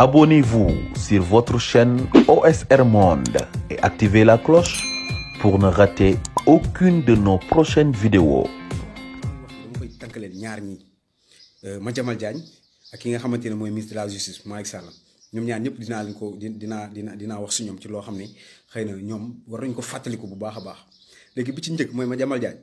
Abonnez-vous sur votre chaîne OSR Monde et activez la cloche pour ne rater aucune de nos prochaines vidéos. dama koy tànkaleen ñaar ñi euh, Madiambal Diagne ak ki nga xamante ne mooy ministre de la justice Malick Sall ñoom ñaar ñëpp dinaa leen ko dinaa dinaa dinaa wax si ñoom ci loo xam ne xëy na ñoom war nañu ko fàttaliku bu baax a baax léegi bi ci njëkk mooy Madiambal Diagne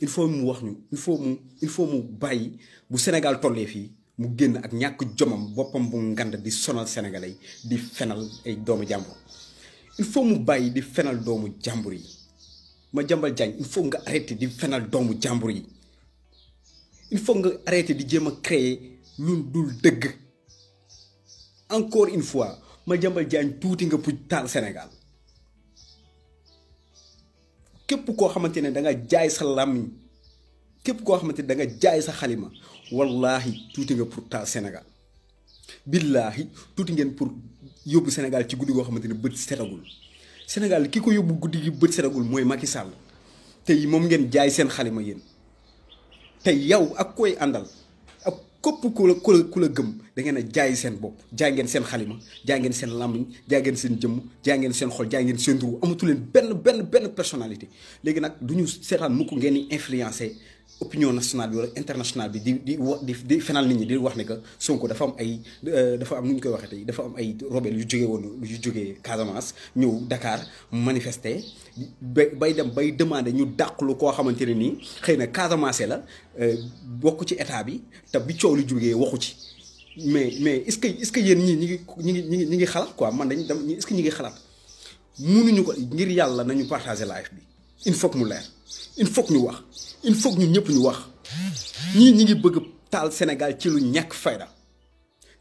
il faut mu wax ñu il faut mu il faut mu bàyyi bu Sénégal tollee fii. mu génn ak ñàkk jomam boppam bu ngande di sonal sénégalais di fenal ay doomu jàmbur il faut mu bàyyi di fenal doomu jàmbur yi ma jambal jaañ il faut nga arrêté di fenal doomu jàmbur yi il faut nga arrêté di jéem a créer lu dul dëgg encore une fois ma jambal jaañ tuuti nga puj taal senegal képp koo xamante ne da nga jaay sa làmmiñ képp koo xamante ne danga jaay sa xalima wallaahi tuuti nga pour taal Sénégal billaahi tuuti ngeen pour yóbbu Sénégal ci guddi goo xamante ne bët setagul Sénégal ki ko yóbbu guddi gi bët setagul mooy Macky Sall tey moom ngeen jaay seen xalima yéen tey yow ak koy àndal ak képp ku la ku la gëm da ngeen a jaay seen bopp jaay ngeen seen xalima jaay ngeen seen làmmiñ jaay ngeen seen jëmm jaay ngeen seen xol jaay ngeen seen dugub amatu leen benn benn benn personalité léegi nag du ñu seetaan mukk ngeen di influencer. opinion nationale bi wala internationale bi di di wa di di fenal nit ñi di wax ne que Sonko dafa am ay euh, dafa am nu ñu koy waxee tey dafa am ay rebelle yu jógee woon yu jógee Casamance ñëw dakaar manifeste bay bay dem bay demande ñu dàqlu koo xamante ne nii xëy na Casamance la euh, bokk ci état bi te bi coow lu jógee waxu ci mais mais est-ce que est-ce que yéen ñii ñi ngi ñi ngi ñi ngi xalaat quoi man dañ dem est-ce que ñi ngi xalaat mënuñu ko ngir yàlla nañu partager live bi il faut mu leer il faut que ñu wax. il faut ñu ñëpp ñu wax ñii ñi ngi bëgg taal Sénégal ci lu ñàkk fayda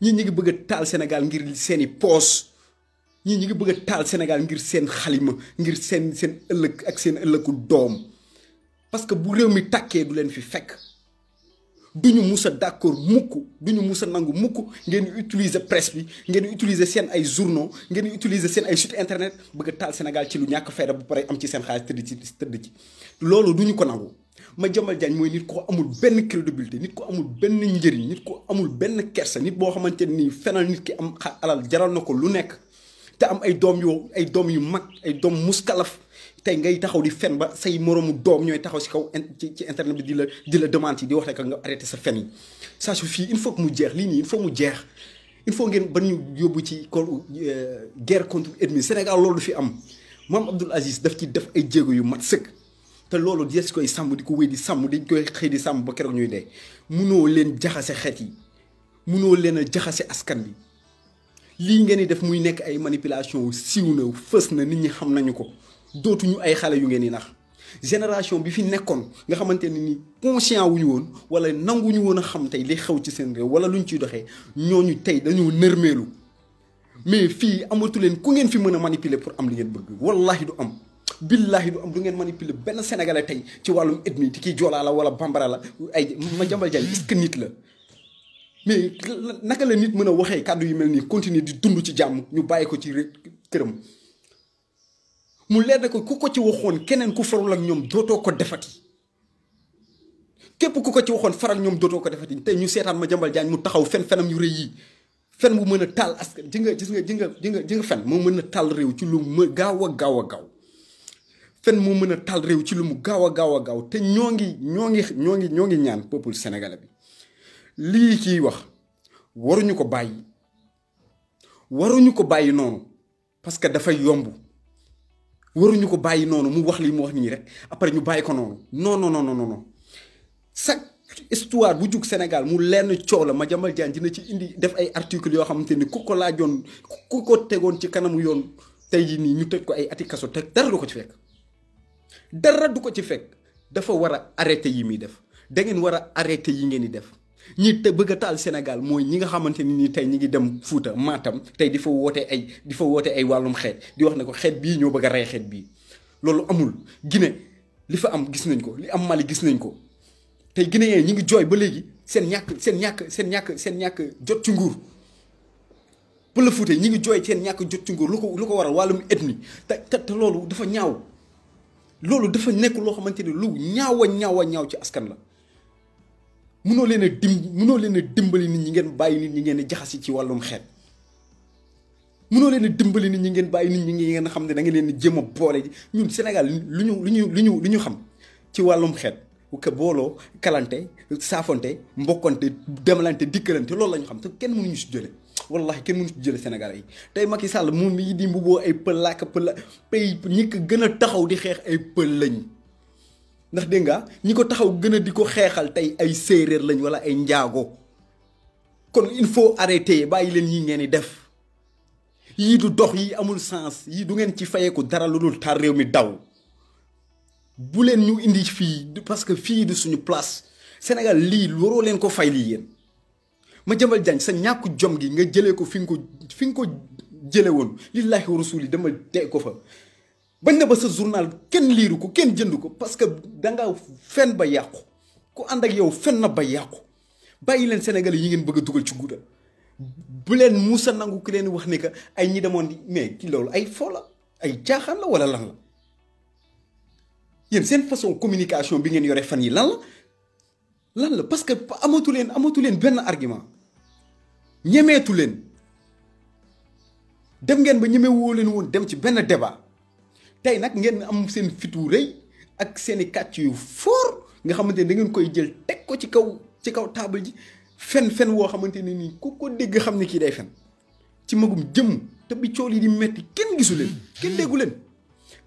ñii ñi ngi bëgg taal Sénégal ngir seeni poos ñii ñi ngi bëgg taal Sénégal ngir seen xalima ngir seen seen ëllëg ak seen ëllëgu doom parce que bu réew mi tàkkee du leen fi fekk duñu mus a d'accord mukk duñu mus a nangu mukk ngeen utiliser presse bi ngeen utiliser seen ay journaux ngeen utiliser seen ay site internet bëgg taal Sénégal ci lu ñàkk fayda bu pare am ci seen xaalis tëdd ci tëdd ci loolu duñu ko nangu Madiambal Diagne mooy nit ko amul benn crédibilité nit ko amul benn njëriñ nit ko amul benn kersa nit boo xamante ni fenal nit ki am alal jaral na ko lu nekk te am ay doom yoo ay doom yu mag ay doom muskalaf tey ngay taxaw di fen ba say moroomu doom ñooy taxaw si kaw ci internet bi di la di la demande yi di wax rek nga arrêté sa fen yi ça suffit il faut que mu jeex lii nii il faut mu jeex il faut ngeen ba ñu yóbbu ci euh, guerre contre ennemi Sénégal loolu fi am Mame Abdoul Aziz daf ci def ay jéego yu mat sëkk te loolu des koy sàmm di ko wéy di sàmm dañ koy xëy di sàmm ba keroog ñuy dee munoo leen jaxase xeet yi munoo leen a jaxase askan bi lii ngeen di def muy nekk ay manipulation siiw na fës na nit ñi xam nañu ko dootuñu ay xale yu ngeen di nax génération bi fi nekkoon nga xamante ne ni conscient wuñu woon wala nanguñu woon a xam tey li xew ci seen réew wala luñ ciy doxee ñoo ñu tey dañoo nërmeelu mais fii amatu leen ku ngeen fi mën a manipuler pour am li ngeen bëgg wallahi du am. billahi du am du ngeen manipuler benn sénégalais tey ci wàllum ethnie ti kii joolaa la wala bambara la ay ma jambal jaay est-ce nit la mais naka la nit mën a waxee kàddu yu mel nii continuer di dund ci jàmm ñu bàyyi ko ci këram mu leer na ko ku ko ci waxoon keneen ku farul ak ñoom dootoo ko defati képp ku ko ci waxoon faral ñoom dootoo ko defati tey ñu seetaan ma jambal jaañ mu taxaw fen fenam yu rëy yi fen bu mën a taal askan ji nga gis nga ji nga nga ji nga moo mën a taal réew ci lu gaaw a gaaw a gaaw fen moo mën a taal réew ci lu mu gaaw a gaaw a gaaw te ñoo ngi ñoo ngi ñoo ngi ñoo ngi ñaan peuple sénégalais bi lii ciy wax waruñu ko bàyyi waruñu ko bàyyi noonu parce que dafay yomb waruñu ko bàyyi noonu mu wax lii mu wax nii rek après ñu bàyyi ko noonu non non non non non chaque histoire bu jug senegal mu lenn coow la ma Madiambal Diagne dina ci indi def ay articles yoo xamante ni ku ko laajoon ku ko tegoon ci kanamu yoon tey jii nii ñu teg ko ay ati kaso te dara du ko ci fekk. dara du ko ci fekk dafa war a arrêté yi muy def da ngeen war a arrêté yi ngeen di def ñi te bëgg a taal Sénégal mooy ñi nga xamante ni nii tey ñi ngi dem Fuuta maatam tey di fa wootee ay di fa woote ay wàllum xeet di wax ne ko xeet bii ñoo bëgg a rey xeet bii loolu amul Guinée li fa am gis nañ ko li am Mali gis nañ ko tey Guinéen ñi ngi jooy ba léegi seen ñàkk seen ñàkk seen ñàkk seen ñàkk jot ci nguur pël Fuuta ñi ngi jooy seen ñàkk jot ci nguur lu ko lu ko waral wàllum ethnie te te loolu dafa ñaaw loolu dafa nekk loo xamante ni lu ñaawa ñaawa ñaaw ci askan la munoo leen a dim munoo leen a dimbali nit ñi ngeen bàyyi nit ñi ngeen di jaxasi ci wàllum xeet munoo leen a dimbali nit ñi ngeen bàyyi nit ñi ngeen xam ne da nga leen di jéem a boole ñun Sénégal lu ñu lu ñu lu ñu lu ñu xam ci wàllum xeet. ka booloo kalante saafonte mbokkante demalante dikkalante loolu lañu ñu xam te kenn mënuñu si jële wallahi kenn mënu si jële Sénégalais yi tey Macky Sall moom yi di mbubboo ay pël laaka pël la pay ñi ko gën a taxaw di xeex ay pël lañ ndax dégg nga ñi ko taxaw gën a di ko xeexal tey ay séeréer lañ wala ay njaago kon il faut arrêter bàyyi leen yi ngeen di def yii du dox yii amul sens yii du ngeen ci fayeeku dara lu dul tar réew mi daw bu leen ñu indi fii parce que fii du suñu place Sénégal lii waroo leen ko fay lii yéen Madiambal Diagne sa ñàkku jom gi nga jëlee ko fi nga ko fi nga ko jëlee woon lillaahi wa rasuuli dama teg ko fa. bañ na ba sa journal kenn liiru ko kenn jënd ko parce que danga fen ba yàqu ku ànd ak yow fen na yàqu bàyyi leen Sénégal yi ngeen bëgg a dugal ci gudda bu leen muusa nangu ki leen wax ni que ay ñi demoon mais ki loolu ay fo ay caaxaan la wala lan la. yéen seen façon communication bi ngeen yore fan yi lan la lan la parce que amatu leen amatu leen benn argument ñemeetu leen dem ngeen ba ñeme woo leen woon dem ci benn débat tey nag ngeen am seen fitu rëy ak seeni i kàcc yu fort nga xamante ne da ngeen koy jël teg ko ci kaw ci kaw taabal ji fen fen woo xamante ne nii ku ko dégg xam ne kii day fen ci magum jëmm te bi cool yi di metti kenn gisu leen kenn déggu leen.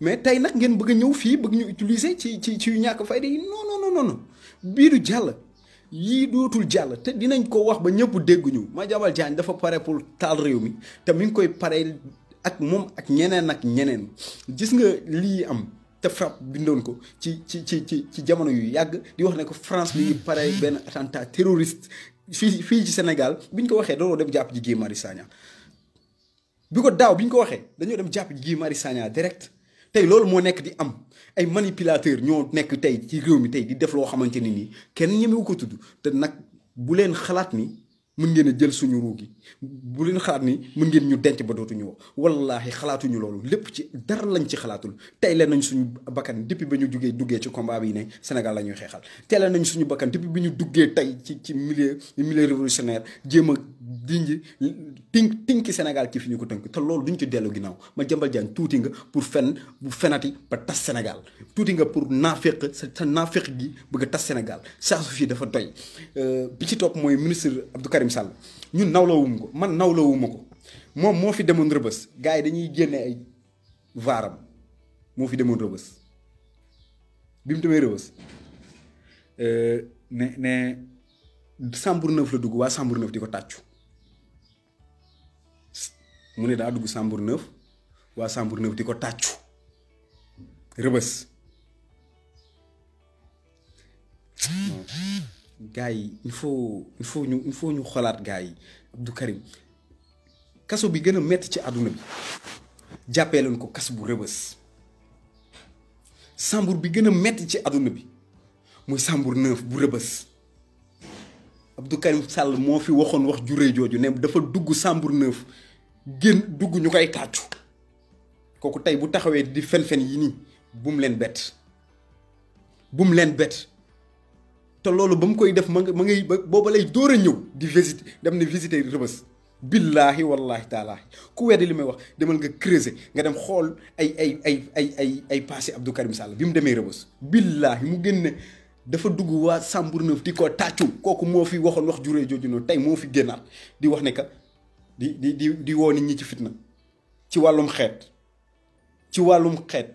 mais tey nag ngeen bëgg a ñëw fii bëgg ñu utiliser ci ci ci ñàkk fayda yi non non non non dootul jàll te dinañ ko wax ba ñëpp dégguñu Madiambal Diagne dafa pare pour réew mi te mi ngi koy pare ak moom ak ñeneen ak ñeneen gis nga lii am te FRAPP bindoon ko ci ci ci ci ci jamono yu yàgg di wax ne ko France mi ngi pare benn attentat terroriste fii ci Sénégal bi ko waxee dañoo dem jàpp ji Guy Marius Sagna bi ko daaw bi ñu ko waxee dañoo dem jàpp ji Guy Marius direct. tey loolu moo nekk di am ay manipulateurs ñoo nekk tey ci réew mi tey di def loo xamante ni nii kenn ñemewu ko tudd te nag bu leen xalaat ni mën ngeen a jël suñu ruu gi bu leen xalaat ni mën ngeen ñu denc ba dootuñu woo wallaahi xalaatuñu loolu lépp ci dara lañ ci xalaatul teyle nañ suñu bakkan depuis ba ñu jugee duggee ci combat bi ne Sénégal la ñuy xeexal teyle nañ suñu bakkan depuis bi ñu duggee tey ci ci milieu milieu révolutionnaire jéem a dinji tink tinki senegal ci fi ñu ko tënk te loolu duñ ci dellu ginnaaw ma jëmbal jaan tuuti nga pour fen bu fenati ba tas senegal tuuti nga pour naafeq sa naafeq gi bëgg a tas senegal saa su fii dafa doy euh, bi ci topp mooy ministre Abdou Karim Sall ñun nawlawuma ko man nawlawuma ko moom moo fi demoon rëbës gaa yi dañuy génne ay vaaram moo fi demoon rëbës bi mu demee rëbës euh, ne ne Sambour la dugg waa Sambour Neuf di ko tàccu mu ne daa dugg Sambour Neuf waa Sambour di ko tàccu rëbës. gars yi il faut il faut ñu il faut ñu xoolaat gaa yi Abdou Karim kaso bi gën a metti ci àdduna bi jàppee leen ko kaso bu rëbës sambur bi gën a metti ci àdduna bi muy sambur neuf bu rëbës Abdou Karim Sall moo fi waxoon wax juree jooju ne dafa dugg sambur neuf gën dugg ñu koy tàccu kooku tey bu taxawee di fen yi nii bum leen bett bum leen bett. te loolu ba mu koy def ma nga ma ngay booba lay dóor a ñëw di visite dem na visiter rëbës billaahi wallaahi taalaahi ku weddi li may wax demal nga creuser nga dem xool ay ay ay ay ay ay passé Abdou Karim Sall bi mu demee rëbës billaahi mu génn dafa dugg waa Sambour Neuf di ko tàccu kooku moo fi waxoon wax juree jooju noonu tey moo fi génnaat di wax ne que di di di di woo nit ñi ci fitna ci wàllum xeet ci wàllum xeet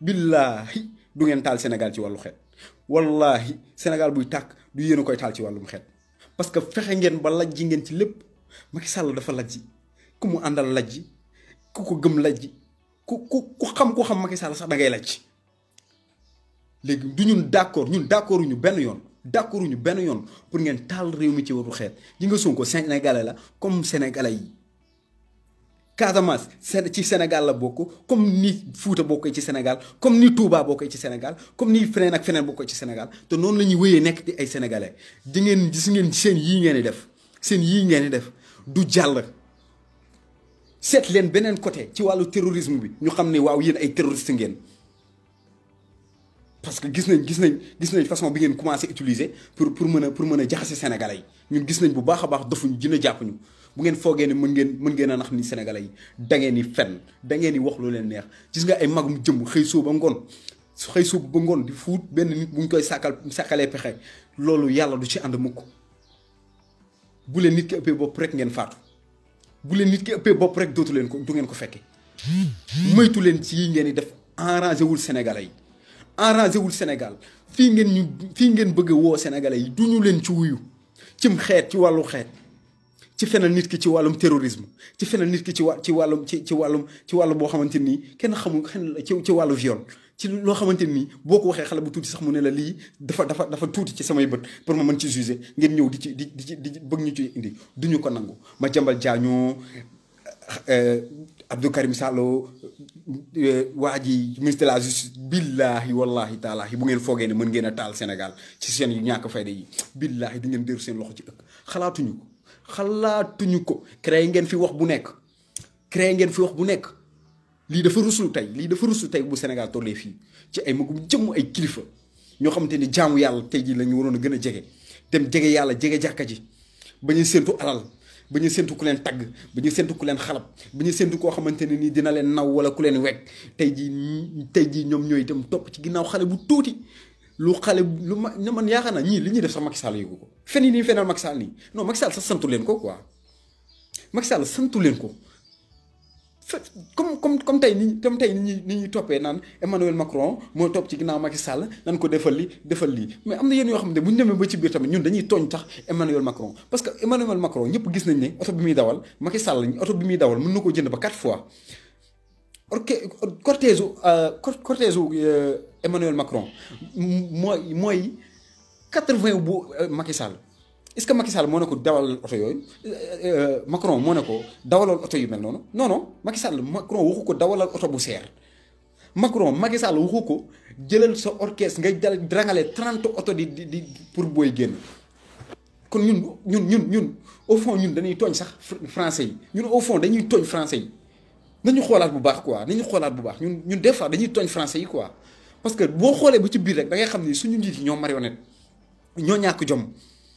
billaahi du ngeen taal Sénégal ci wàllu xeet wallahi Sénégal buy tàkk du yéen a koy taal ci wàllum xeet parce que fexe ngeen ba lajji ngeen ci lépp Macky Sall dafa lajji ku mu àndal lajji ku ko gëm lajji ku ku ku xam ku xam Macky Sall sax da ngay léegi du ñun d' accord ñun d' accord ñu benn yoon d' accord ñu benn yoon pour ngeen taal réew mi ci waru xeet ji nga Sonko Sénégalais la comme Sénégalais yi. Casamance seen ci Sénégal la bokk comme ni Fuuta bokkee ci Sénégal comme ni tuubaa bokkee ci Sénégal comme ni feneen ak feneen bokkee ci Sénégal te noonu la ñuy wéyee nekk di ay sénégalais di ngeen gis ngeen seen yii ngeen di def seen yii ngeen di def du jàll. seet leen beneen côté ci wàllu terrorisme bi ñu xam ne waaw yéen ay terroriste ngeen. parce que gis nañ gis nañ gis nañ façon bi ngeen commencé utiliser pour pour mën a pour mën a jaxase sénégalais yi ñun gis nañ bu baax a baax dofuñu dina jàpp ñu bu ngeen foogee ni mën ngeen mën ngeen a nax ni sénégalais yi da ngeen ni fenn da ngeen ni wax lu leen neex gis nga ay magum jëm xëy soo ba ngoon xëy suub ba ngoon di fuut benn nit bu ñu koy sàkkal sàkkalee pexe loolu yàlla du ci ànd mukk bu leen nit ki ëppee bopp rek ngeen faatu bu leen nit ki ëppee bopp rek dootu leen ko du ngeen ko fekke moytu leen ci yi ngeen di def enrangé wul sénégalais yi enrangé wul Sénégal fii ngeen ñu fii ngeen bëgg woo sénégalais yi du ñu leen ci wuyu cim xeet ci wàllu xeet ci fenal nit ki ci wàllum terrorisme ci fenal nit ki ci wa ci wàllum ci ci wàllum ci wàllum boo xamante nii kenn xamul kenn ci ci wàllu viol ci loo xamante nii boo ko waxee xale bu tuuti sax mu ne la lii dafa dafa dafa tuuti ci samay bët pour ma mën ci juger ngeen ñëw di ci di di di bëgg ñu ci indi duñu ko nangu ma jambal jaañoo euh, Abdou Karim euh, waa ji ministre de la justice billaahi wallaahi taalaahi bu ngeen foogee ne mën ngeen taal Sénégal ci seen yu ñàkk fayda yi billaahi di ngeen déru seen loxo ci ëkk xalaatuñu ko xalaatuñu ko créé ngeen fi wax bu nekk créé ngeen fi wax bu nekk lii dafa ruslu tey lii dafa ruslu tey bu Sénégal tollee fii ci ay magum jëmm ay kilifa ñoo xamante ni jaamu yàlla tey jii la ñu waroon a gën a jege dem jege yàlla jege jàkka ji ba bañu séentu alal ba ñu séntu ku leen tagg bu ñu séntu ku leen xalab ba ñu séntu koo xamante ne nii dina leen naw wala ku leen wekk tey jii tey jii ñoom ñooy itam topp ci ginnaaw xale bu tuuti lu xale lu ma ne man yaakaar ñii li ñuy def sax Macky Sall yëgu ko fen yi nii fenal Macky Sall nii non Macky Sall sax santu leen ko quoi Macky Sall leen ko comme comme comme tey ni comme tey ni ñuy ni ñuy toppee naan Emmanuel Macron moo topp ci ginnaaw Macky Sall nan ko defal li defal lii mais am na yéen yoo xam ne bu ñu demee ba ci biir tamit ñun dañuy tooñ tax Emmanuel Macron parce que Emmanuel Macron ñëpp gis nañ ne oto bi muy dawal Macky Sall oto bi muy dawal mën na koo jënd ba quatre fois orke cortège euh, cortège euh, Emmanuel Macron mooy mooy quatre-vingt bu euh, Macky Sall est-ce que Macky Sall moo ne ko dawalal oto yooyu euh, euh, euh, Macron moo ne ko dawalal oto yu mel noonu non non Macky Sall Macron waxu ko dawalal oto bu seer Macron Macky Sall waxu ko jëlal sa orchestre ngay dal rangale trente oto di di di pour booy génn. kon ñun ñun ñun ñun au fond ñun dañuy tooñ sax français yi ñun au fond dañuy tooñ français yi nañu xoolaat bu baax quoi nañu xoolaat bu baax ñun ñun des fois dañuy tooñ français yi quoi parce que boo xoolee ba ci biir rek da ngay xam ni suñu njiit yi ñoo marionnette ñoo ñàkk jom.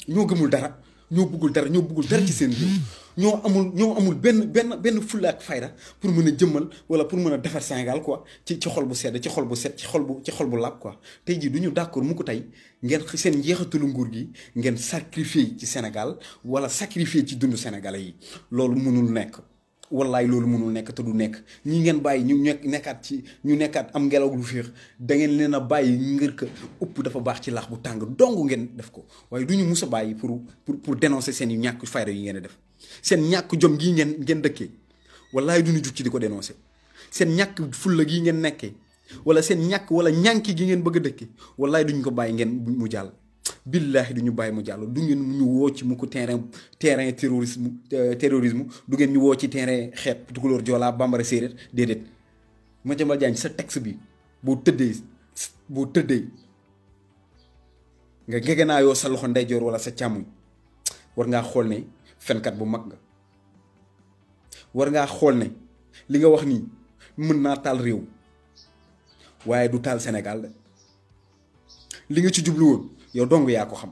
ñoo gëmul dara ñoo buggul dara ñoo bëggul dara ci seen réew ñoo amul ñoo amul benn benn benn fulla ak fayda pour mën a jëmmal wala pour mën a defar Sénégal quoi ci ci xol bu sedd ci xol bu set ci xol bu ci xol bu làpp ko tey jii du ñu d'accord mu ko tey ngeen seen njeexitalu nguur gi ngeen sacrifier ci Sénégal wala sacrifier ci dundu Sénégalais yi loolu mënul nekk. wallaay loolu mënul nekk te du nekk ñi ngeen bàyyi ñu nekk nekkaat ci ñu nekkaat am ngelaw lu fiix da ngeen leen a bàyyi ngir que upp dafa baax ci laax bu tàng dong ngeen def ko waaye du ñu mus a bàyyi pour pour pour dénoncer seen yu ñàkk fayda yi ngeen def seen ñàkk jom gii ngeen ngeen dëkkee wallaay du ñu jug ci di ko dénoncer seen ñàkk fulla gii ngeen nekkee wala seen ñàkk wala ñànki gi ngeen bëgg a dëkkee wallaay duñ ko bàyyi ngeen mu jàll. billaahi du ñu bàyyi mu jàll du ngeen ñu woo ci mukk terrain terrain terrorisme euh, terrorisme du ngeen ñu woo ci terrain xeet tukulóor joolaa bambara séeréer déedéet Madiambal Diagne sa texte bi boo tëddee boo tëddee nga ngegenaayoo sa loxo ndeyjoor wala sa càmmuñ war ngaa xool ne fenkat bu mag nga war ngaa xool ne li nga wax nii mën naa taal réew waaye du taal Sénégal de li nga ci jublu woon yow dong yaa ko xam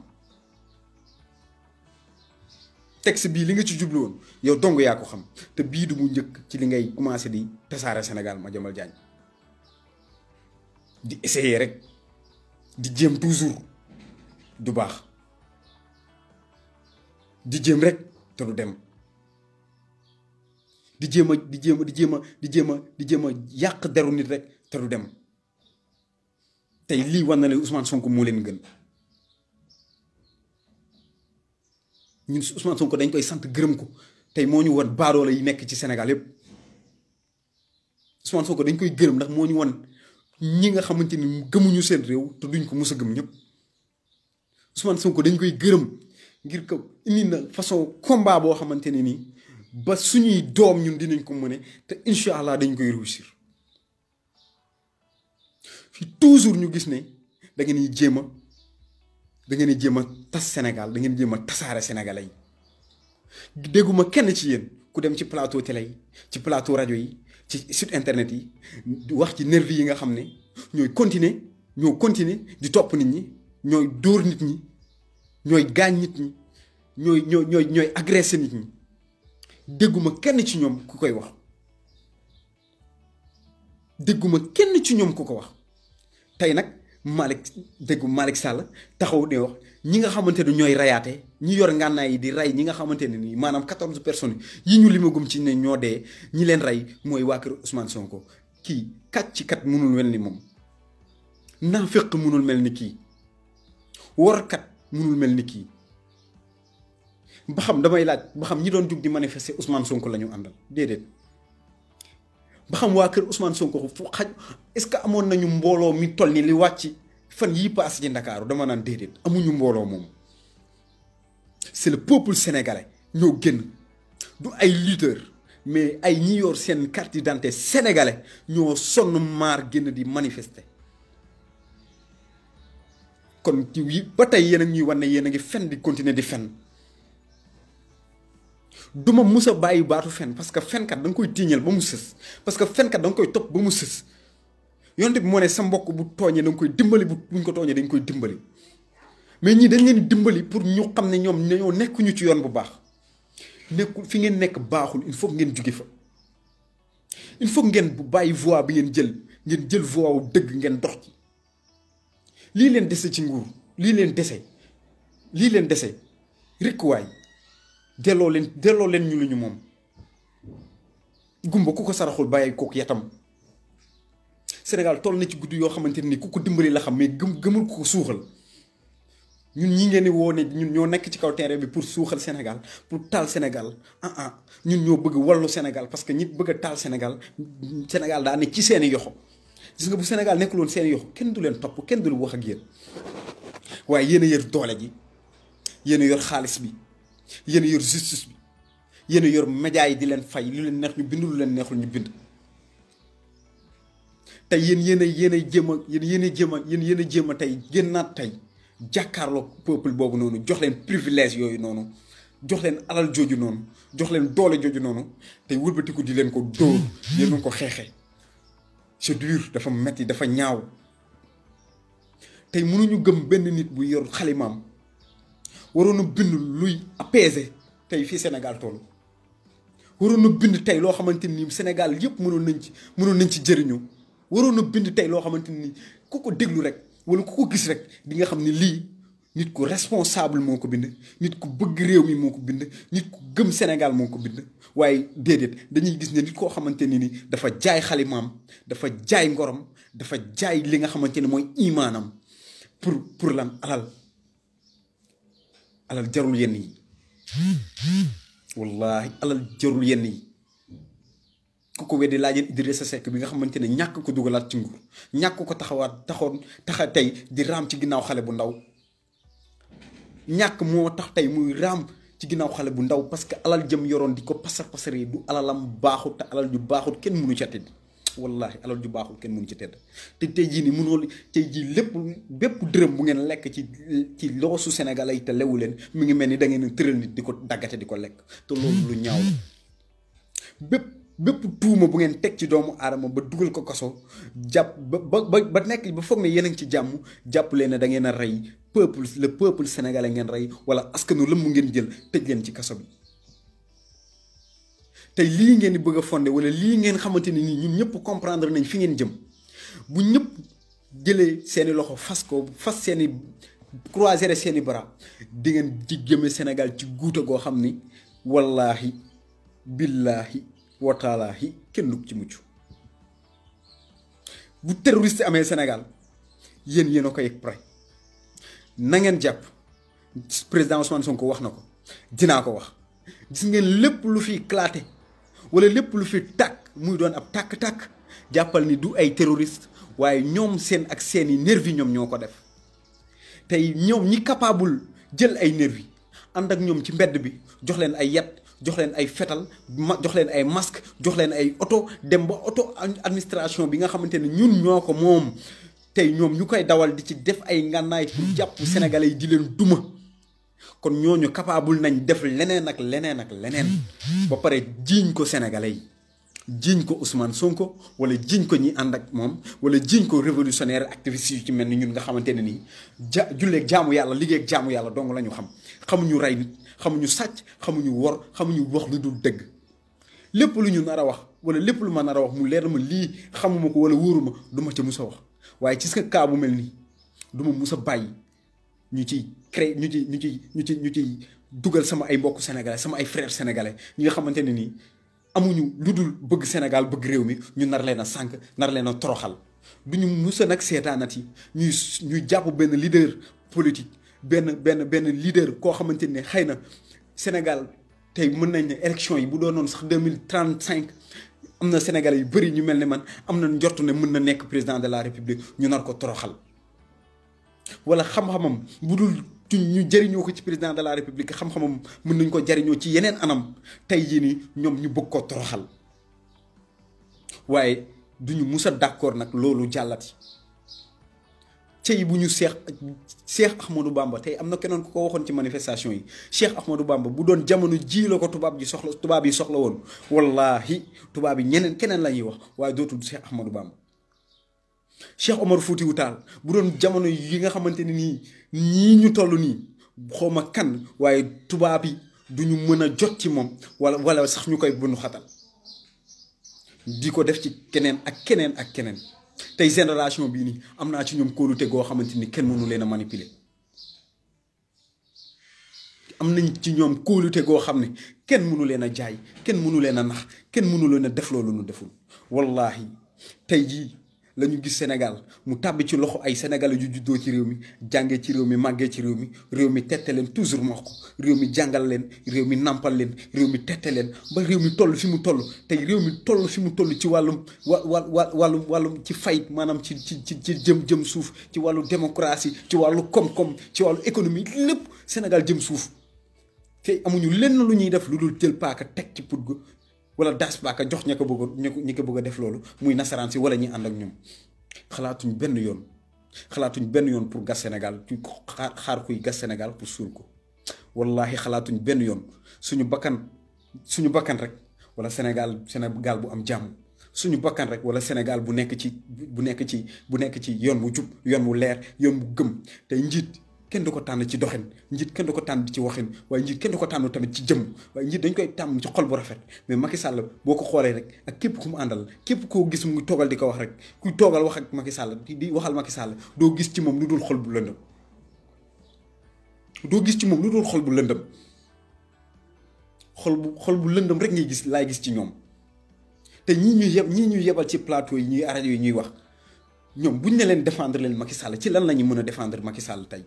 texte bii li nga ci jublu woon yow dong yaa ko xam te bii du mu njëkk ci li ngay commencé di tasaare Sénégal Madiambal Diagne di essayer rek di jéem toujours du baax di jéem rek te du dem di jéem a di jéem a di jéem a di jéem a di jéem a yàq deru nit rek te du dem tey lii war na leen Ousmane sunk moo leen gën ñun Ousmane Sonko dañ koy sant gërëm ko tey moo ñu wan baadoolo yi nekk ci Sénégal yëpp dañ koy gërëm ndax moo ñu wan ñi nga xamante ni gëmuñu seen réew te duñ ko mës a gëm ñëpp Ousmane Sonko dañ koy gërëm ngir ko indi na façon combat boo xamante ne nii ba suñuy doom ñun dinañ ko mëne te incha allah dañ koy réussir fi toujours ñu gis ne da ngeen di jéem a da jéem tas Sénégal da ngeen jéem a tasaare sénégalais yi dégguma kenn ci yéen ku dem ci plateau télé yi ci plateau rajo yi ci site internet yi wax ci nervi yi nga xam ne ñooy continé ñoo continuer di topp nit ñi ñooy dóor nit ñi ñooy gaañ nit ñi ñooy ñooy ñooy ñooy agressé nit ñi dégguma kenn ci ñoom ku koy wax dégguma kenn ci ñoom ku ko wax tey nag Malick déggu Malick Sall taxaw ne wax ñi nga xamante ni ñooy rayaate ñi yor ngànnaay yi di rey ñi nga xamante ne nii maanaam quatorze personnes yi ñu limagum ci ne ñoo dee ñi leen rey mooy waa kër Ousmane Sonko kii ci kat mënul mel ni moom naaféq mënul mel ni kii workat mënul mel ni kii ba xam damay laaj ba xam ñi doon jug di manifester Ousmane Sonko lañu àndal déedéet ba xam waa kër Ousmane Sonko fu xaj est-ce que amoon nañu mbooloo mi toll ni li wàcc. fan yii paas ci ndakaaru dama naan déedéet amuñu mbooloo moom c'est le peuple sénégalais ñoo génn du ay lutteur mais ay ñi yor seen carte d'identité sénégalais ñoo sonn maar génn di manifester kon ci ba tey yéen a ñuy wan na yéen a ngi fen di continuer di fen duma mus a bàyyi baatu fen parce que fenkat da nga koy tiiñal ba mu sës parce que fenkat da nga koy topp ba mu sës yonte bi moo ne sa mbokk bu tooñee da nga koy dimbali bu buñ ko tooñee dañ koy dimbali mais ñii dañ leen dimbali pour ñu xam ne ñoom dañoo nekkuñu ci yoon bu baax nekkul fi ngeen nekk baaxul il faut ngeen jóge fa il faut ngeen bu bàyyi voie bi ngeen jël ngeen jël voie dëgg ngeen dox ci lii leen dese ci nguur lii leen dese lii leen dese rikkuwaay delloo leen delloo leen ñu lu ñu moom gumba ku ko saraxul bàyyi kook yatam Sénégal toll na ci guddi yoo xamante ni ku ko dimbali la xam mais gëm gëmul ko suuxal ñun ñi ngeen di woo ne ñun ñoo nekk ci kaw terrain bi pour suuxal Sénégal pour taal Sénégal ah ah ñun ñoo bëgg wallu Sénégal parce que ñi bëgg a taal Sénégal Sénégal daa ne ci seeni yoxo si nga bu Sénégal nekk loon seeni yoxo kenn du leen topp kenn du leen wax ak yéen waaye yéen a yor doole ji yéen a xaalis bi yéen a yor justice bi yéen a yor yi di leen fay lu leen neex ñu bind leen neexul ñu bind. tey yéen yéen a yéen a jéem a yéen yéen a yéen yéen a jéem a tey génnaat tey jàkkaarloo peuple boobu noonu jox leen privilège yooyu noonu jox leen alal jooju noonu jox leen doole jooju noonu tey wëlbatiku di leen ko dóor yéen ko xeexee c'est dur dafa metti dafa ñaaw tey mënuñu gëm benn nit bu yor xalimaam waroon a bind luy apaiser tey fii Sénégal toll waroon a bind tey loo xamante ni Sénégal yëpp mënoon nañ ci mënoon nañ ci jëriñu waroon na bind tey loo xamante ni ku ko déglu rek wala ku ko gis rek di nga xam ne lii nit ku responsable moo ko bind nit ku bëgg réew mi moo ko bind nit ku gëm senegal moo ko bind waaye déedéet dañuy gis ne nit koo xamante ni ni dafa jaay xalimaam dafa jaay ngorom dafa jaay li nga xamante ne mooy imaanam pour pour lan alal alal jarul yenn yi wallaahi alal jarul yenn yi ku ko weddi laajeen sa sekk bi nga xamante ne ñàkk ko dugalaat ci nguur ñàkk ko taxawaat taxoon taxa tey di raam ci ginnaaw xale bu ndaw ñàkk moo tax tey muy raam ci ginnaaw xale bu ndaw parce que alal jëm yoroon di ko pasar pasare du alalam baaxut te alal ju baaxut kenn mënu ca tëdd wallahi alal ju baaxul kenn mënu ci tedd te tey jii ni mënoo tey jii lépp bépp dërëm bu ngeen lekk ci ci loosu Sénégal ay te lewu leen mi ngi mel ni da ngeen tëral nit di ko daggate di ko lekk te loolu lu ñaaw bépp tuuma bu ngeen teg ci doomu aadama ba dugal ko kaso jàpp ba ba ba nekk ba foog ne yéen a ngi ci jàmm jàpp leen ne da ngeen a rey peuple le peuple sénégalais ngeen rey wala askanu lëmm ngeen jël tëj leen ci kaso bi. te lii ngeen di bëgg a fondé wala lii ngeen xamante ne nii ñun ñëpp comprendre nañ fi ngeen jëm bu ñëpp jëlee seeni loxo fas ko fas seeni croiser seeni bras di ngeen ci jëme senegal ci guuta goo xam ni wallaahi billaahi. wa taalaahi kenn du ci mucc bu terroriste amee Sénégal yéen yéen a ko yegg pare na ngeen jàpp président Ousmane Sonko wax na ko dinaa ko wax gis ngeen lépp lu fi claté wala lépp lu fi tàkk muy doon ab tàkk-tàkk jàppal ni du ay terroriste waaye ñoom seen ak seeni nervi ñoom ñoo ko def tey ñoom ñi capable jël ay nervi ànd ak ñoom ci mbedd bi jox leen ay yat jox leen ay fetal ma jox leen ay masque jox leen ay oto dem ba oto administration bi nga xamante ne ñun ñoo ko moom tey ñoom ñu koy dawal di ci def ay ngànnaay jàpp sénégalais yi leen duma kon ñooñu capable nañ def leneen ak leneen ak leneen ba pare jiiñ ko sénégalais yi jiiñ ko Ousmane Sonko wala jiiñ ko ñi ànd ak moom wala jiiñ ko révolutionnaire activiste yu ci mel ni ñun nga xamante ne nii ja julleeg jaamu yàlla liggéey ak jaamu yàlla dong lañu xam xamuñu rey nit xamuñu sàcc xamuñu wor xamuñu wax lu dul dëgg lépp lu ñu nar a wax wala lépp lu ma nar a wax mu leer ma lii xamuma ko wala wóoruma du ma ca mus a wax waaye ci sa cas bu mel nii du ma mus a bàyyi ñu ciy créé ñu ci ñu ci ñu ci ñu ciy dugal sama ay mbokk sénégalais sama ay frères sénégalais ñi xamante ne nii amuñu lu dul bëgg Sénégal bëgg réew mi ñu nar leen a sànq nar leen a toroxal du ñu mus a nag seetaanat yi ñuy ñuy jàpp benn lider politique. benn benn benn leader koo xamante ne xëy na Sénégal tey mën nañ ne élection yi bu doon doonoon sax deux mille trente cinq am na Sénégalais yu bëri ñu mel ne man am na njortu ne mën na nekk président de la république ñu nar ko toroxal wala xam-xamam bu dul tuñ ñu jëriñoo ko ci président de la république xam-xamam mën nañ ko jariñoo ci yeneen anam tey jii nii ñoom ñu bëgg ko toroxal waaye duñu mus a d'accord nag loolu jàllati. cey bu ñu Cheikh Cheikh Ahmadou Bamba tey am na keneen ku ko waxoon ci manifestation yi Cheikh Ahmadou bàmba bu doon jamono ji la ko tubaab ji soxla tubaab yi soxla woon wallaahi tubaab yi ñeneen keneen la ñuy wax waaye dootul Cheikh Ahmadou Bamba. Cheikh Omar Foutiou Tall bu doon jamono yi nga xamante ne nii ñii ñu toll nii xawma kan waaye tubaab yi du ñu mën a jot ci moom wala wala sax ñu koy bunu xatal di ko def ci keneen ak keneen ak keneen. tey génération bii nii am naa ci ñoom kóolute goo xamante ni kenn mënu leen a am nañ ci ñoom kóolute goo xam ne kenn mënu leen a jaay kenn mënu leen a nax kenn mënu leen a def loolu nu deful wallaahi tey jii la ñu gis Sénégal mu tàbbi ci loxo ay sénégalais yu juddoo ci réew mi jàngee ci réew mi màggee ci réew mi réew mi tette leen toujours moo réew mi jàngal leen réew mi nàmpal leen réew mi tette leen ba réew mi toll fi mu toll tey réew mi toll fi mu toll ci wàllum wa wa wàllum wàllum ci fay maanaam ci ci ci ci jëm jëm suuf ci wàllu démocratie ci wàllu koom-koom ci wàllu économie lépp Sénégal jëm suuf te amuñu lenn lu ñuy def lu dul jël paaka teg ci put wala das baaka jox ña ko bëgg a ñi ko bëgg a def loolu muy nasaraan si wala ñi ànd ak ñoom xalaatuñ benn yoon xalaatuñ benn yoon pour gas senegal ci xaar gas Sénégal pour suul ko xalaatuñ benn yoon suñu bakkan suñu bakkan rek wala Sénégal Sénégal bu am jàmm suñu bakkan rek wala Sénégal bu nekk ci bu nekk ci bu nekk ci yoon wu jub yoon bu leer yoon wu gëm te njiit kenn du ko tànn ci doxin njiit kenn du ko tànn ci waxin waaye njiit kenn du ko tànn tamit ci jëmm waaye njiit dañ koy tàmm ci xol bu rafet mais Macky Sall boo ko xoolee rek ak képp ku mu àndal képp koo gis mu ngi toogal di ko wax rek kuy toogal wax ak Macky Sall di waxal Macky Sall doo gis ci moom lu dul xol bu lëndëm doo gis ci moom lu dul xol bu lëndëm xol bu xol bu lëndëm rek ñuy gis laay gis ci ñoom te ñii ñuy yeb ñii ñuy yebal ci plateau yi ñuy rajo yi ñuy wax ñoom buñ ne leen défendre leen Macky Sall ci lan la ñu mën a défendre Macky Sall tey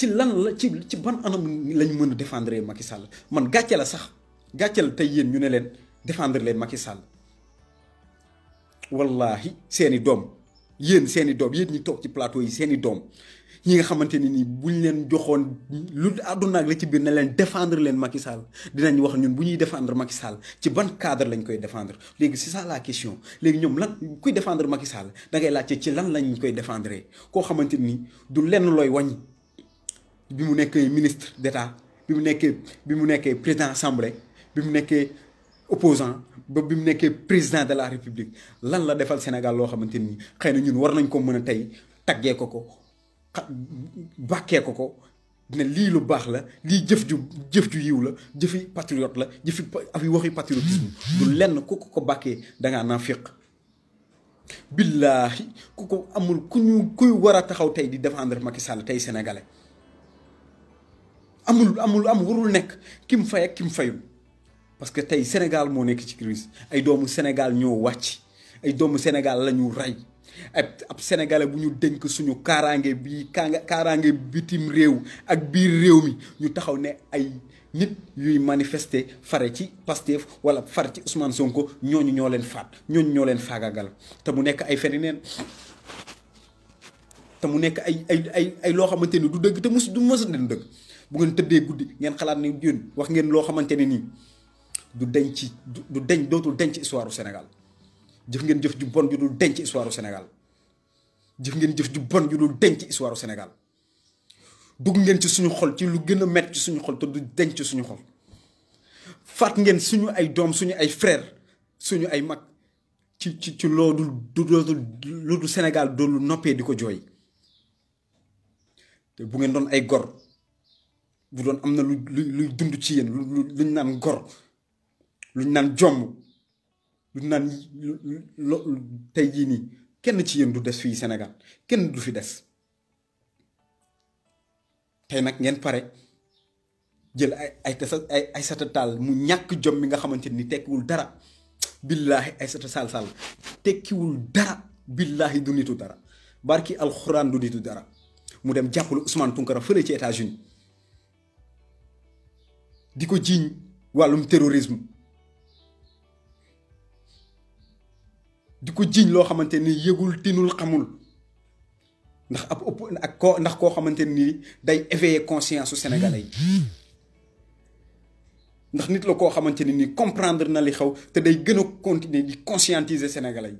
ci lan la ci ci ban anam lañ mën a défendre Macky Sall man gàcce la sax gàcce tey yéen ñu ne leen défendre leen Macky Sall wallaahi seeni doom yéen seeni doom yéen ñi toog ci plateau yi doom ñi nga xamante ni nii buñ leen joxoon lu àdduna ak la ci biir ne leen défendre leen Macky Sall dinañ wax bu ñuy défendre Macky Sall ci ban cadre lañ koy defendre léegi c'est ça la question léegi ñoom lan kuy défendre Macky Sall da laajte ci lan lañ koy défendre koo xamante nii du lenn looy wàññi. bi mu nekkee ministre d'État bi mu nekkee bi mu nekkee président assemblée bi mu nekkee opposant ba bi mu nekkee président de la république lan la defal Sénégal loo xamante ni xëy na ñun war nañ ko mën a tey taggee ko ko bàkkee ko ko ne lii lu baax la lii jëf ju yiw la jëfi patriote la jëfi afi waxi patriotisme du lenn ku ko ko bàkkee dangaa naafiq billaahi ku ko amul ku ñu kuy war a taxaw tey di défendre Macky Sall tey sénégalais amul amul am warul nekk ki mu fay ak ki mu fayul parce que tey Sénégal moo nekk ci crise ay doomu Sénégal ñoo wàcc ay doomu Sénégal lañu ñu rey ab sénégalais bu ñu dénk suñu kaaraange bi kaaraange bitim réew ak biir réew mi ñu taxaw ne ay nit yuy manifester fare ci Pastef wala fare ci Ousmane Sonko ñooñu ñoo leen faat ñooñu ñoo leen faagagal te mu nekk ay feni neen te mu nekk ay ay ay ay loo xamante ni du dëgg te mus du mës a dëgg. bu ngeen tëddee guddi ngeen xalaat ni yéen wax ngeen loo xamante ne nii du deñ ci du deñ dootul denc histoire u Sénégal jëf ngeen jëf ju bon ju dul denc histoire u Sénégal ngeen jëf ju bon ju dul denc histoire u Sénégal dugg ngeen ci suñu xol ci lu gën a métti ci suñu xol te denc suñu xol faat ngeen suñu ay doom suñu ay frère suñu ay mag ci ci ci dul du loolu Sénégal doolu noppee di ko jooy te bu ngeen doon ay gor bu doon am na lu luy dund ci yéen lu luñ naan ngor luñ naan jomm luñ naan lu tey jii nii kenn ci yéen du des fii Sénégal kenn du fi des tey nag ngeen pare jël ay ay ay Aïssata Tall mu ñàkk jom mi nga xamante ni tekkiwul dara billaahi Aïssata Tall Sall tekkiwul dara billaahi du nitu dara barki alxuraan du nitu dara mu dem jàppale Ousmane Tounkara fële ci états di ko jiiñ wàllum terrorisme di ko jiiñ loo xamante ni yëgul tinul xamul ndax ab ëpp ak ko ndax koo xamante ni day éveiller conscience su sénégalais yi ndax nit la koo xamante ni nii comprendre na li xew te day gën a continuer di conscientiser sénégalais yi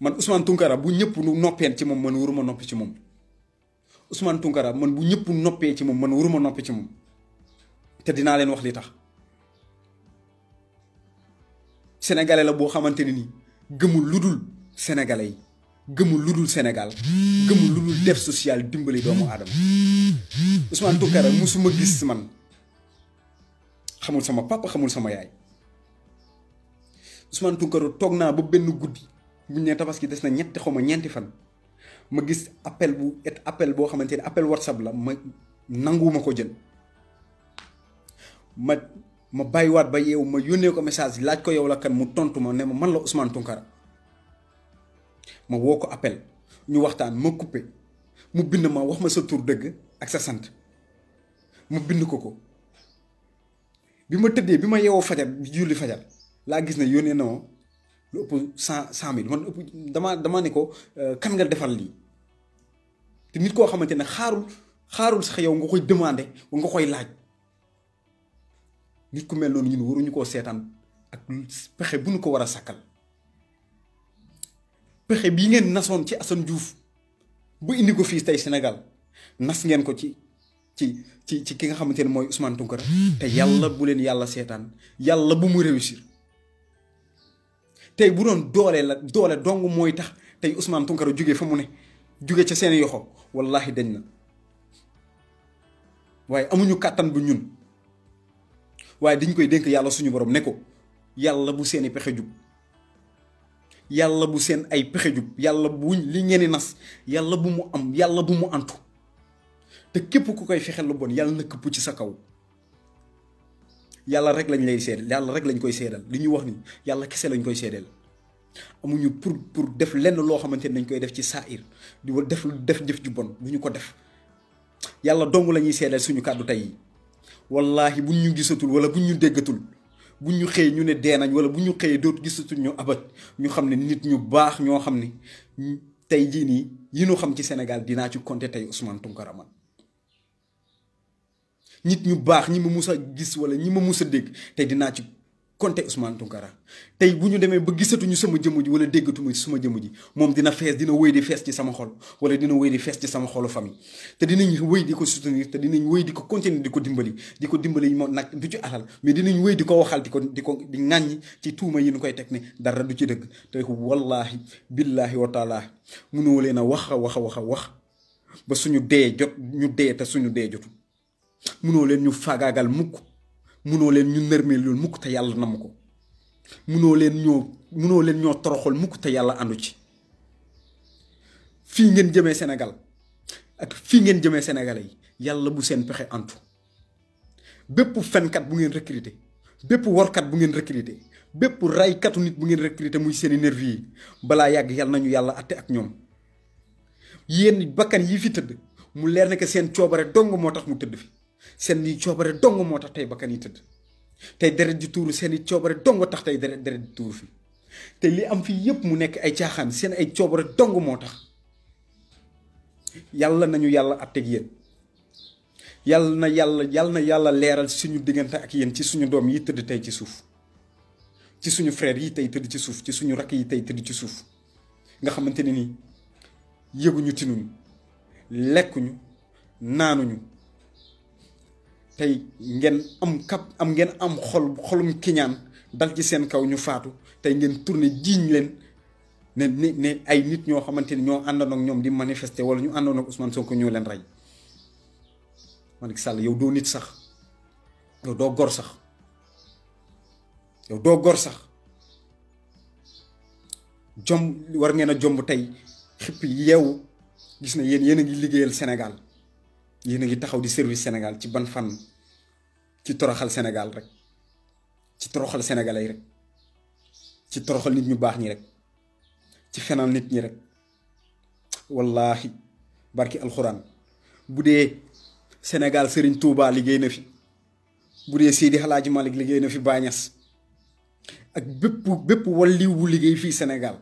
man Ousmane Tounkara bu ñëpp nu noppeen ci moom man waruma noppi ci moom Ousmane Tounkara man bu ñëpp noppee ci moom man waruma noppi ci moom te dinaa leen wax li tax sénégalais la boo xamante ni nii gëmul lu dul sénégalais gëmul lu dul Sénégal gëmul lu dul def social dimbali doomu aadama Ousmane Tounkara musuma gis man xamul sama papa xamul sama yaay Ousmane Tounkara toog naa ba benn guddi buñ ne tabaski des na ñetti xaw ma ñeenti fan ma gis appel bu et appel boo xamante ne appel WhatsApp la ma nanguwuma ko jën ma ma bàyyiwaat ba yeewu ma yónnee ko message laaj ko yow la kan mu tontu ma ne ma man la Ousmane Tounkara ma woo ko appel ñu waxtaan ma kuppe mu bind ma wax ma sa tur dëgg ak sa sant mu bind ko ko bi ma tëddee bi ma yeewoo fajar julli fajar laa gis ne yónnee na ma lu ëpp cent cent mille man ëpp ne ko euh, kan nga defal lii te nit koo xamante ne xaarul xaarul sax yow nga koy demandé nga koy laaj. nit ku mel noonu ñun waruñu koo seetaan ak pexe bu ñu ko war a sàkkal pexe bii ngeen nasoon ci Assane juuf bu indi ko fii tey senegal nas ngeen ko ci ci ci ci ki nga xamante ne mooy Ousmane Tounkara te yàlla bu leen yàlla seetaan yàlla bu mu réussir tey bu doon doole la doole dong mooy tax tey Ousmane Tounkara jóge fa mu ne jóge ca seen yoxo wallaahi deñ na waaye amuñu kàttan bu ñun waaye dañ koy dénk yàlla suñu borom ne ko yàlla bu seeni pexe jub yàlla bu seen ay pexe jub yàlla buñ li ngeen di nas yàlla bu mu am yàlla bu mu antu te képp ku koy fexel lu bon yàlla na këpp ci sa kaw yàlla rek lañ lay seedeel yàlla rek lañ koy seedal li ñuy wax ni yàlla kese lañ koy seedeel amuñu pour pour def lenn loo xamante ni dañ koy def ci saahir di def def jëf ju bon bu ñu ko def yàlla dong lañuy ñuy seedeel suñu kàddu tey wallaahi buñ ñu gisatul wala bu ñu déggatul buñ ñu xëyee ñu ne dee nañ wala bu ñu xëyee dootu gisatul ñu abat ñu xam ne nit ñu baax ñoo xam ne tey jii nii yi ñu xam ci Sénégal dinaa ci compter tey Ousmane Tounkara man nit ñu baax ñi ma mus a gis wala ñi ma mus a dégg tey dinaa ci konte Ousmane Tounkara tey bu ñu demee ba gisatuñu sama jëmm ji wala déggatuma suma jëmm ji moom dina fees dina wéy di fees ci sama xol wala dina wéy di fees ci sama xolu famille te dinañ wéy di ko soutenir te dinañ wéy di ko continuer di ko dimbali di ko dimbali moom nag du ci alal mais dinañ wéy di ko waxal di ko di ko di ŋàññi ci tuuma yi nu koy teg ne dara du ci dëgg te wallaahi billaahi wa taala mënoo leen a wax a wax a wax a wax ba suñu dee jot ñu dee te suñu dee jotu mënoo leen ñu faagaagal mukk munoo leen ñu nërmeel loolu mukk te yàlla namu ko munoo leen ñoo munoo leen ñoo toroxal mukk te yàlla àndu ci fii ngeen jëmee senegal ak fii ngeen jëmee Sénégalais yi yàlla bu seen pexe antu bépp fenkat bu ngeen recruter bépp workat bu ngeen recruter bépp raykatu nit bu ngeen recruter muy seen i nervi yi balaa yàgg yàlla nañu yàlla atte ak ñoom yéen bakkan yi fi tëdd mu leer ne seen coobare dong moo tax mu tëdd fi. seen i coobare dong moo tax tey bakkan yi tëdd tey deret ji tuuru seen i coobare dong tax tey deret deret ji tuuru fi te li am fii yëpp mu nekk ay caaxaan seen ay coobare dong moo tax yàlla nañu yàlla àtteeg yéen yàlla na yàlla yàlla na yàlla leeral suñu diggante ak yéen ci suñu doom yi tëdd tey ci suuf ci suñu frère yi tey tëdd ci suuf ci suñu rakk yi tey tëdd ci suuf nga xamante ne nii yëguñu tinuñu lekkuñu naanuñu tey ngeen am kap am ngeen am xol xolum kiñaan dal ci seen kaw ñu faatu tey ngeen tourné jiiñ leen ne ne ne ay nit ñoo xamante ni ñoo àndoon ak ñoom di manifester wala ñu àndoon ak Ousmane Sonko ñoo leen rey Malick sàll yow doo nit sax yow doo gor sax yow doo gor sax jom war ngeen a jomb tey xippi yeewu gis na yéen yéen a ngi liggéeyal Sénégal yéen a ngi taxaw di service Sénégal ci ban fan ci toroxal Sénégal rek ci toroxal sénégalais yi ci toroxal nit ñu baax ñi rek ci fenal nit ñi rek wallaahi barki alxuraan bu dee senegal sëriñ Touba liggéey na fi bu dee Seydi Hadji Malick liggéey na fi baañas ak bépp bépp walliw bu liggéey fii Sénégal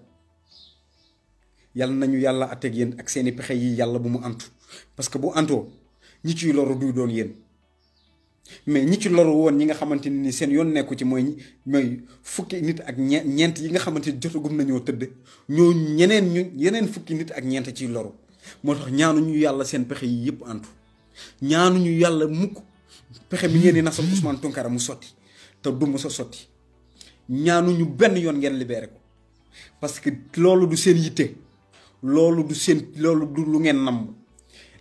yàlla nañu yàlla àtteeg yéen ak seeni pexe yi yàlla bu mu antu parce que bu àntoo ñi ciy loru duy doon yéen. mais ñi ci loru woon ñi nga xamante ni seen yoon nekku ci mooy mooy fukki nit ak ñe ñeent yi nga xamante ni jotagum nañoo tëdd ñoo ñeneen ñu yeneen fukki nit ak ñeent ciy loru moo tax ñaanuñu yàlla seen pexe yëpp antu ñaanuñu yàlla mukk pexe mi ngeen di nasal Ousmane Tounkara mu sotti te du mu sa sotti ñaanuñu benn yoon ngeen libéré ko parce que loolu du seen yitte loolu du seen loolu du lu ngeen namm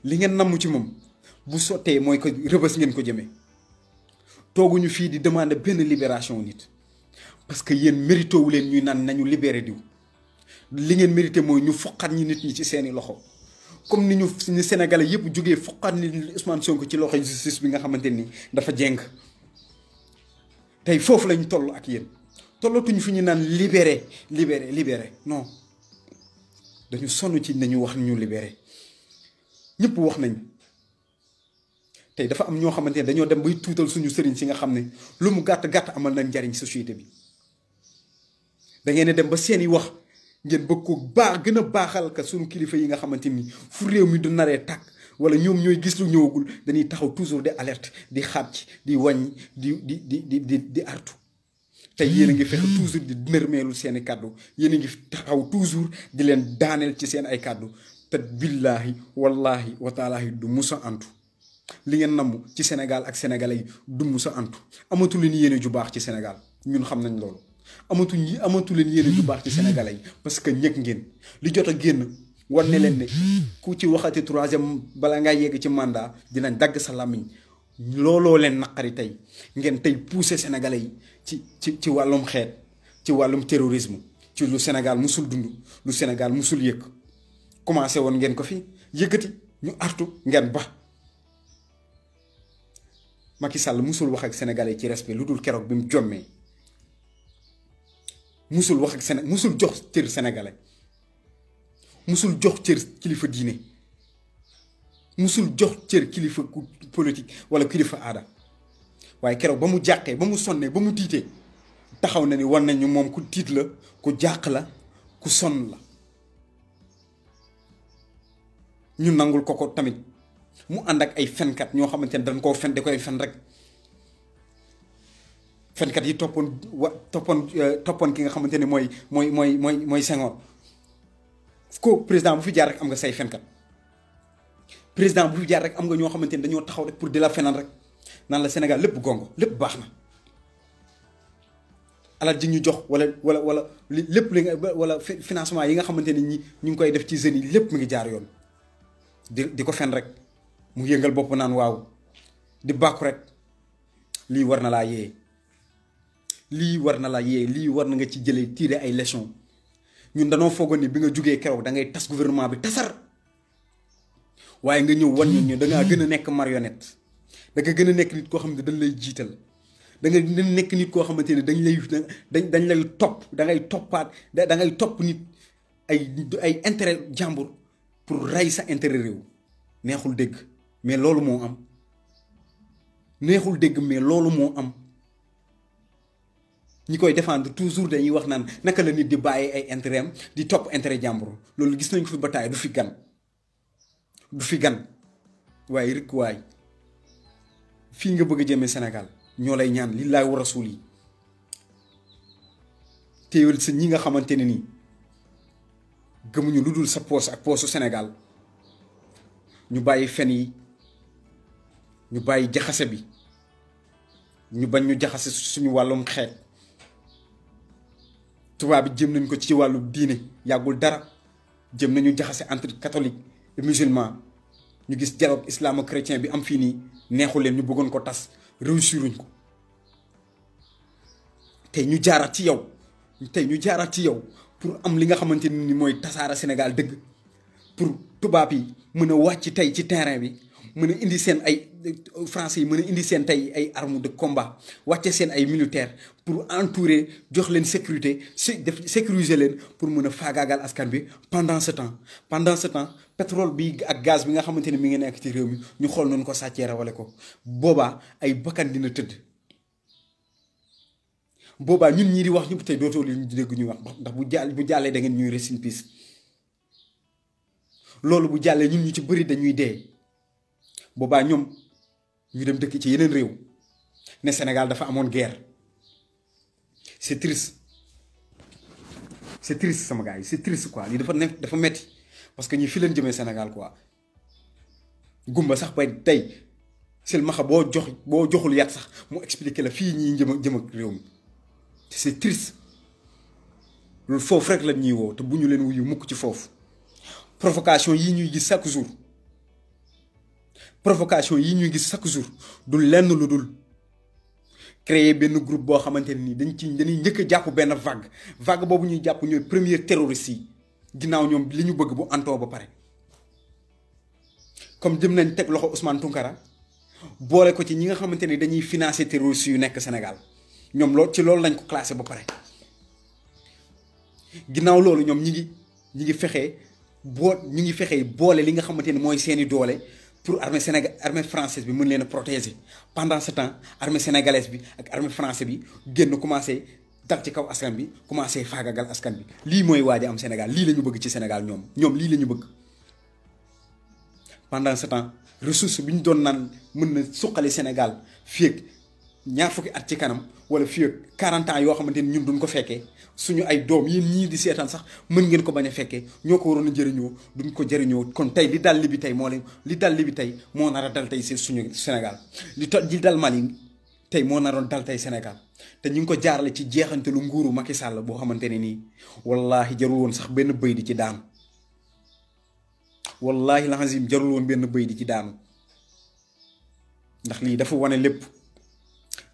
li ngeen namm ci moom bu sottee mooy ko rëbës ngeen ko jëmee. tooguñu fii di demander benn libération nit parce que yéen mérité leen ñuy naan nañu libéré diw li ngeen mérité mooy ñu fuqat ñi nit ñi ci seeni loxo comme ni ñu ni Sénégalais yëpp jógee foqat ni Ousmane Sonko ci loxo justice bi nga xamante ni dafa jeng tey foofu lañu toll ak yéen tollatuñu fi ñu naan libéré libéré libéré non dañu sonn ci nañu wax ñu libéré ñëpp wax nañ tey dafa am ñoo xamante ne dañoo dem bay tuutal suñu sëriñ si nga xam ne lu mu gàtt gàtt amal na njariñ société bi dangeen dem ba seen i wax ngeen bëgg ko baax gën a baaxal ka suñu kilifa yi nga xamante ni fu réew mi du naree tàkk wala ñoom ñooy gis lu ñëwagul dañuy taxaw toujours di alerte di xàcc di wàññi di di di di di artu tey yéen ngi fexe toujours di nërmeelu seen i kàddu yéen a ngi taxaw toujours di leen daaneel ci seen ay kàddu te billaahi wallaahi wataalaahi du musa antu li ngeen nambu ci Sénégal ak sénégalais yi dumb sa antu amatu leen yéene ju baax ci Sénégal ñun xam nañ loolu amatu amatu leen yéene ju baax ci sénégalais yi parce que ñëg ngeen li jot a génn wan ne leen ne ku ci waxati troisième bala ngaa yegg ci mandat dinañ dagg sa làmmiñ looloo leen naqari tey ngeen tey pousser sénégalais yi ci ci ci wàllum xeet ci wàllum terrorisme ci lu Sénégal musul dund lu Sénégal musul yëkk commencé woon ngeen ko fi yëkkati ñu artu ngeen ba Macky Sall musul wax ak sénégalais ci respect lu dul keroog bi mu jommee musul wax ak Séné musul jox cër sénégalais musul jox cër kilifa diine musul jox cër kilifa politique wala kilifa aada waaye keroog ba mu jàqee ba mu sonnee ba mu tiitee taxaw na ni war nañu moom ku tiit la ku jàq la ku sonn la ñu nangul ko ko tamit. mu ànd ak ay fenkat ñoo xamante ne dañ koo fen di koy fen rek fenkat yi toppoon wa toppoon euh, toppoon ki nga xamante ne mooy mooy mooy mooy mooy Senghor ko président bu fi jaar rek am nga say fenkat président bu fi jaar rek am nga ñoo xamante ne dañoo taxaw rek pour di la fenan rek naan la Sénégal lépp gongo lépp baax na alal ji ñu jox wala wala wala lépp li nga wala financement yi nga xamante ne ñi ñu ngi koy def ci jeunes yi lépp mu ngi jaar yoon di di ko fen rek mu yëngal bopp naan waaw di bàkku rek lii war na laa yee lii war na laa yee lii war na nga ci jëlee tiire ay leçons ñun danoo foogoon ni bi nga jógee keroog da ngay tas gouvernement bi tasar waaye nga ñëw wan ñun ñu da ngaa gën a nekk marionnette da nga gën a nekk nit koo xam ne dañ lay jiital da nga nekk nit koo xamante ne dañ lay dañ dañ lay topp dangay toppaat da ngay topp nit ay ay intérêt jàmbur pour rey sa intérêt réew neexul dégg. mais loolu moo am neexul dégg mais loolu moo am ñi koy défendre toujours dañuy wax naan naka la nit di bàyyi ay intérêt am di topp intérêt jàmbur loolu gis nañ ko fi bataay du fi gan du fi gan waaye rek waay fii nga bëgg a jëmee Sénégal ñoo lay ñaan li laay war a suul yi téewal sa ñi nga xamante ne nii gëmuñu lu dul sa poos ak poosu senegal ñu bàyyi fen yi ñu bàyyi jaxase bi ñu bañ ñu jaxase suñu wàllum xeet tubaab bi jëm nañ ko ci wàllu diine yàggul dara jëm nañu jaxase entre catholique et musulman ñu gis dialogue islamo-chrétien bi am fii nii neexu leen ñu bëggoon ko tas réussiruñ ko tey ñu jaaraat ci yow tey ñu jaaraat ci yow pour am li nga xamante ni mooy tasaara Sénégal dëgg pour tubaab yi mën a wàcc tey ci terrain bi mën a indi seen ay france yi mën a indi seen tey ay armes de combat wàcce seen ay militaires pour entourer jox leen sécurité def sécuriser leen pour mën a faagaagal askan bi pendant ce temps pendant ce pétrole bi ak gaz bi nga xamante ne mi ngi nekk ci réew mi ñu xool noonu ko sàccee rawale ko boobaa ay bakkan dina tëdd boobaa ñun ñii di wax ñëpp tey dootoo leen dégg ñuy wax ndax bu jàll bu jàllee da ngeen ñuy rest in loolu bu jàllee ñun ñu ci bëri dañuy dee boobaa ñoom ñu dem dëkk ci yeneen réew ne Sénégal dafa amoon guerre c'est triste c'est triste sama gars yi c'est triste quoi lii dafa nekk dafa metti parce que ñu fi leen jëmee Sénégal quoi gumba sax bay tey silmaxa boo jox boo joxul yat sax mu expliquer la fii ñuy jëm jëm ak réew mi c'est triste loolu foofu rek la ñuy woo te bu ñu leen wuyu mukk ci foofu provocation yi ñuy gis chaque jour provocation yi ñu gis chaque jour du lenn lu dul créer benn groupe boo xamante ne nii dañ ci dañuy njëkk a jàpp benn vague vague boobu ñuy jàpp ñooy premier terroriste yi ginnaaw ñoom li ñu bëgg bu antoo ba pare. comme jëm nañ teg loxo Ousmane Tounkara boole ko ci ñi nga xamante ni dañuy financer terroriste yu nekk Sénégal ñoom loolu ci loolu lañ ko classé ba pare ginnaaw loolu ñoom ñi ngi ñi ngi fexe boo ñu ngi fexee boole li nga xamante ni mooy seeni doole. pour armée Sénégal armée française bi mun leen a protéger pendant ce temps armée sénégalaise bi ak armée française bi génn commencé dal ci kaw askan bi commencé faagagal askan bi lii mooy waaj am Sénégal lii la ñu bëgg ci Sénégal ñoom ñoom lii lañu ñu bëgg. pendant ce temps ressource bi ñu doon naan mën na suqali Sénégal fii ñaar fukki at ci kanam wala fii ak 40 yoo xamante ni ñun duñ ko fekkee suñu ay doom yéen ñii di seetaan sax mën ngeen ko bañ a fekkee ñoo ko waroon a jëriñoo duñ ko jëriñoo kon tey li dal Libi tey moo leen li dal Libi tey moo nar a dal tey suñu Sénégal li to li dal Mali tey moo naroon dal tey Sénégal te ñu ngi ko jaarale ci jeexantalu nguuru Macky sàll boo xamante ne nii wallaahi jarul woon sax benn bëy di ci daanu wallaahi laxasim jarul woon benn bëy di ci daanu ndax lii dafa wane lépp.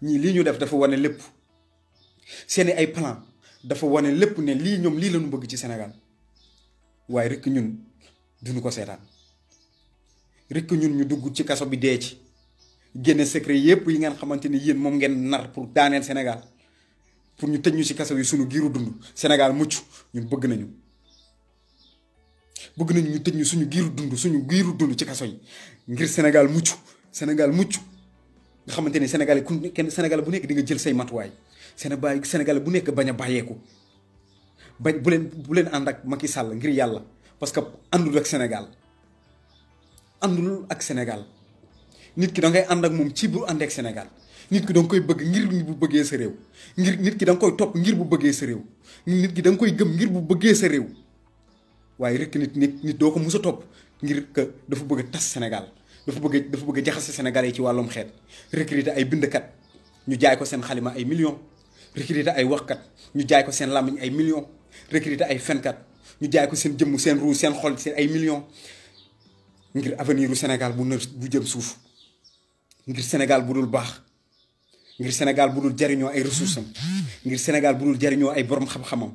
ñii lii ñu def dafa wane lépp seeni ay plan dafa wane lépp ne lii ñoom lii lañu bëgg ci senegal waaye rekk ñun duñu ko seetaan rekk ñun ñu dugg ci kaso bi dee ci génne secret yépp yi ngeen xamante ni yéen moom ngeen nar pour daaneel Sénégal pour ñu tëj ñu ci kaso yi sunu giiru dund senegal mucc ñun bëgg nañu bëgg nañu ñu tëj ñu suñu giiru dund suñu giiru dund ci kaso yi ngir Sénégal mucc senegal mucc nga xamante ni sénégalais ku kenn sénégalais bu nekk di nga jël say matuwaay sénégalais sénégalais bu nekk bañ a bàyyeeku bañ bu leen bu leen ànd ak Macky sàll ngir yàlla parce que àndul ak Sénégal àndul ak senegal nit ki da ngay ànd ak moom ci bu ànd ak Sénégal nit ki da koy bëgg ngir bu bëggee sa réew ngir nit ki da koy topp ngir bu bëggee sa réew nit ki da koy gëm ngir bu bëggee sa réew waaye rek nit nit nit doo ko mus a topp ngir dafa bëgg a tas senegal dafa bëgg dafa bëgg a jaxase sénégalais yi ci wàllum xeet recruter ay bindkat ñu jaay ko seen xalima ay million recruter ay waxkat ñu jaay seen làmmiñ ay millions recruter ay fenkat ñu jaay ko seen jëmm seen ruu seen xol seen ay millions ngir avenir u Sénégal bu nër bu jëm suuf ngir Sénégal bu dul baax ngir senegal bu dul jariñoo ay ressources am ngir Sénégal bu dul jariñoo ay borom xam-xamam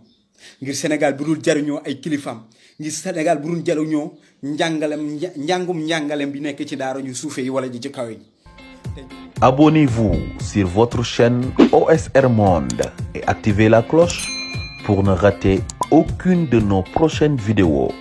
ngir Sénégal bu dul jariñoo ay kilifaam ngir Sénégal bu dul jariñoo njàngalem njàngum njàngalem bi nekk ci daara ñu suufe yi wala ji ci kaw yi. abonnez sur votre chaîne OSR Monde et activez la cloche pour ne rater aucune de nos prochaines vidéos.